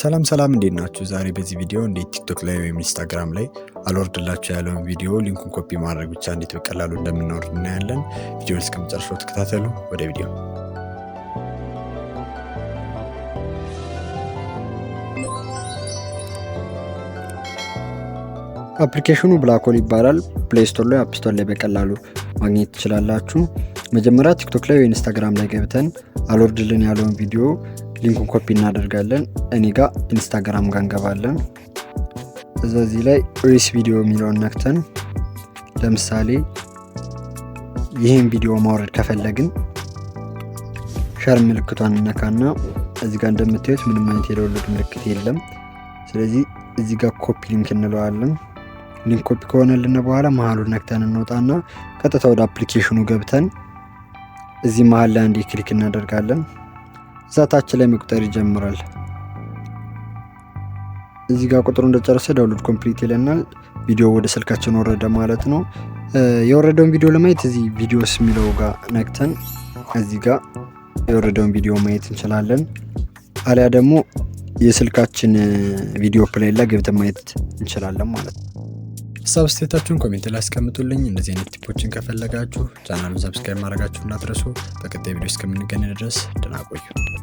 ሰላም ሰላም እንዴት ናችሁ? ዛሬ በዚህ ቪዲዮ እንዴት ቲክቶክ ላይ ወይም ኢንስታግራም ላይ አልወርድላችሁ ያለውን ቪዲዮ ሊንኩን ኮፒ ማድረግ ብቻ እንዴት በቀላሉ እንደምናወርድ እናያለን። ቪዲዮን እስከመጨረሻው ተከታተሉ። ወደ ቪዲዮ አፕሊኬሽኑ ብላክሆል ይባላል። ፕሌይ ስቶር ላይ አፕስቶር ላይ በቀላሉ ማግኘት ትችላላችሁ። መጀመሪያ ቲክቶክ ላይ ወይ ኢንስታግራም ላይ ገብተን አልወርድልን ያለውን ቪዲዮ ሊንኩን ኮፒ እናደርጋለን። እኔ ጋ ኢንስታግራም ጋር እንገባለን። እዚህ ላይ ሪስ ቪዲዮ የሚለውን ነክተን ለምሳሌ ይህን ቪዲዮ ማውረድ ከፈለግን ሸር ምልክቷን እነካና እዚህ ጋር እንደምታዩት ምንም አይነት የደውሎድ ምልክት የለም። ስለዚህ እዚህ ጋር ኮፒ ሊንክ እንለዋለን። ሊንክ ኮፒ ከሆነልን በኋላ መሀሉን ነክተን እንወጣና ቀጥታ ወደ አፕሊኬሽኑ ገብተን እዚህ መሀል ላይ አንዴ ክሊክ እናደርጋለን። እዛ ታች ላይ መቁጠር ይጀምራል። እዚህ ጋር ቁጥሩ እንደጨረሰ ዳውንሎድ ኮምፕሊት ይለናል። ቪዲዮ ወደ ስልካችን ወረደ ማለት ነው። የወረደውን ቪዲዮ ለማየት እዚህ ቪዲዮስ የሚለው ጋር ነክተን እዚህ ጋር የወረደውን ቪዲዮ ማየት እንችላለን። አሊያ ደግሞ የስልካችን ቪዲዮ ፕሌይ ላይ ገብተን ማየት እንችላለን ማለት ነው። ሀሳብ ኮሜንት ላይ አስቀምጡልኝ። እንደዚህ አይነት ቲፖችን ከፈለጋችሁ ቻናሉን ሰብስክራይብ ማድረጋችሁን እንዳትረሱ። በቀጣይ ቪዲዮ እስከምንገናኝ ድረስ ደህና ቆዩ።